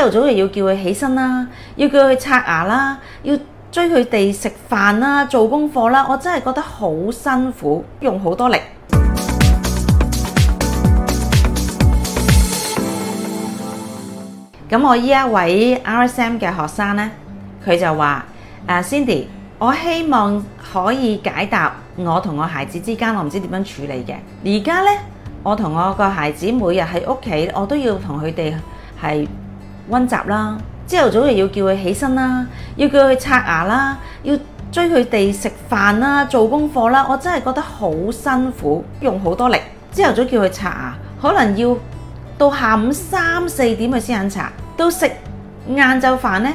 朝頭早又要叫佢起身啦，要叫佢刷牙啦，要追佢哋食飯啦，做功課啦，我真係覺得好辛苦，用好多力。咁 我依一位 RSM 嘅學生呢，佢就話誒 Cindy，我希望可以解答我同我孩子之間，我唔知點樣處理嘅。而家呢，我同我個孩子每日喺屋企，我都要同佢哋係。溫習啦，朝頭早又要叫佢起身啦，要叫佢刷牙啦，要追佢哋食飯啦，做功課啦，我真係覺得好辛苦，用好多力。朝頭早叫佢刷牙，可能要到下午三四點佢先肯刷。到食晏晝飯呢，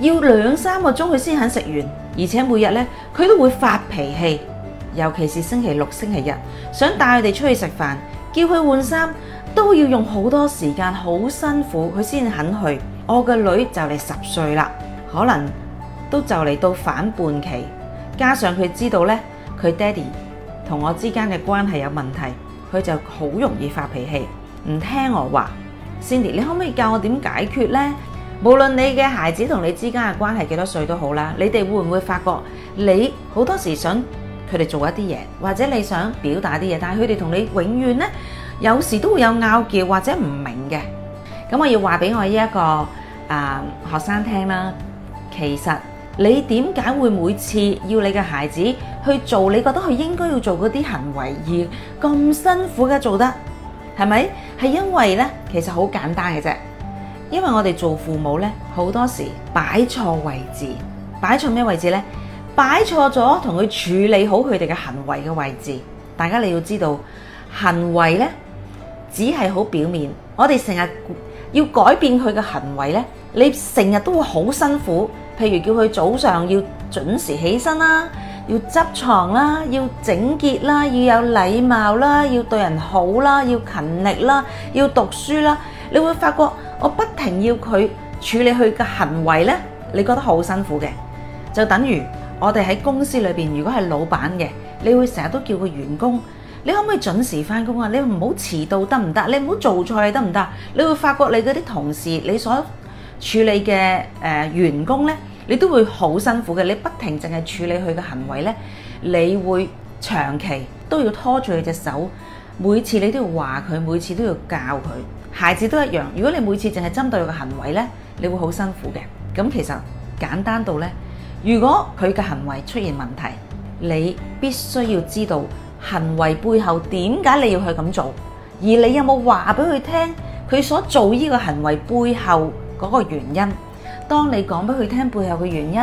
要兩三個鐘佢先肯食完。而且每日呢，佢都會發脾氣，尤其是星期六、星期日，想帶佢哋出去食飯，叫佢換衫。都要用好多時間，好辛苦，佢先肯去。我個女就嚟十歲啦，可能都就嚟到反叛期。加上佢知道呢，佢爹哋同我之間嘅關係有問題，佢就好容易發脾氣，唔聽我話。Cindy，你可唔可以教我點解決呢？無論你嘅孩子同你之間嘅關係幾多歲都好啦，你哋會唔會發覺你好多時想佢哋做一啲嘢，或者你想表達啲嘢，但係佢哋同你永遠呢？有時都會有拗撬或者唔明嘅，咁我要話俾我呢、這、一個啊、嗯、學生聽啦。其實你點解會每次要你嘅孩子去做，你覺得佢應該要做嗰啲行為而咁辛苦嘅做得，係咪？係因為呢，其實好簡單嘅啫。因為我哋做父母呢，好多時擺錯位置，擺錯咩位置呢？擺錯咗同佢處理好佢哋嘅行為嘅位置。大家你要知道，行為呢，只係好表面，我哋成日要改變佢嘅行為呢，你成日都會好辛苦。譬如叫佢早上要準時起身啦，要執床啦，要整潔啦，要有禮貌啦，要對人好啦，要勤力啦，要讀書啦，你會發覺我不停要佢處理佢嘅行為呢，你覺得好辛苦嘅，就等於我哋喺公司裏面，如果係老闆嘅，你會成日都叫佢員工。你可唔可以準時返工啊？你唔好遲到得唔得？你唔好做錯嘢得唔得？你會發覺你嗰啲同事，你所處理嘅誒、呃、員工呢，你都會好辛苦嘅。你不停淨係處理佢嘅行為呢，你會長期都要拖住佢隻手，每次你都要話佢，每次都要教佢。孩子都一樣，如果你每次淨係針對佢嘅行為呢，你會好辛苦嘅。咁其實簡單到呢，如果佢嘅行為出現問題，你必須要知道。行為背後點解你要去咁做？而你有冇話俾佢聽佢所做呢個行為背後嗰個原因？當你講俾佢聽背後嘅原因，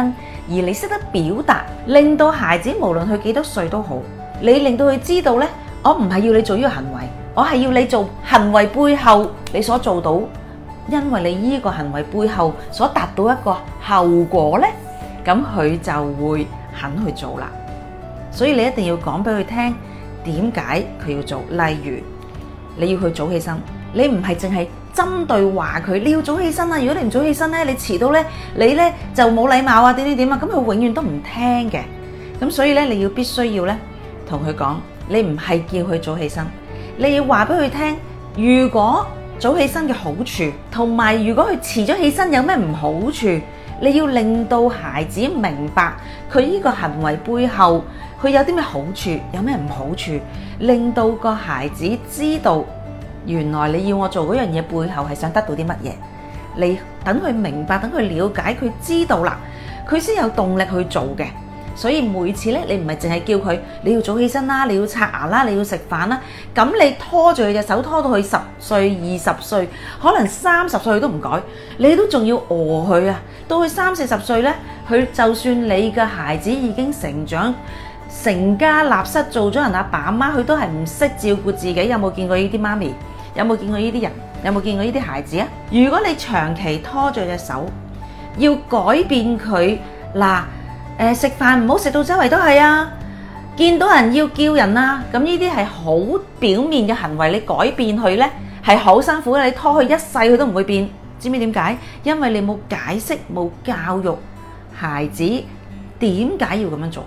而你識得表達，令到孩子無論佢幾多歲都好，你令到佢知道呢，我唔係要你做呢個行為，我係要你做行為背後你所做到，因為你呢個行為背後所達到一個後果呢，咁佢就會肯去做啦。所以你一定要講俾佢聽點解佢要做，例如你要佢早起身，你唔係淨係針對話佢你要早起身啊，如果你唔早起身咧，你遲到咧，你咧就冇禮貌啊，點點點啊，咁佢永遠都唔聽嘅，咁所以咧，你要必須要咧同佢講，你唔係叫佢早起身，你要話俾佢聽，如果早起身嘅好處，同埋如果佢遲咗起身有咩唔好處？你要令到孩子明白佢呢個行為背後，佢有啲咩好處，有咩唔好處，令到個孩子知道，原來你要我做嗰樣嘢背後係想得到啲乜嘢。你等佢明白，等佢了解，佢知道啦，佢先有動力去做嘅。所以每次咧，你唔係淨係叫佢，你要早起身啦，你要刷牙啦，你要食飯啦，咁你拖住佢隻手拖到佢十歲、二十歲，可能三十歲都唔改，你都仲要餓佢啊！到佢三四十歲咧，佢就算你嘅孩子已經成長、成家立室，做咗人阿爸阿媽，佢都係唔識照顧自己。有冇見過呢啲媽咪？有冇見過呢啲人？有冇見過呢啲孩子啊？如果你長期拖住佢隻手，要改變佢嗱。誒，食飯唔好食到周圍都係啊！見到人要叫人啊！咁呢啲係好表面嘅行為，你改變佢呢係好辛苦嘅，你拖佢一世佢都唔會變。知唔知點解？因為你冇解釋，冇教育孩子點解要咁樣做。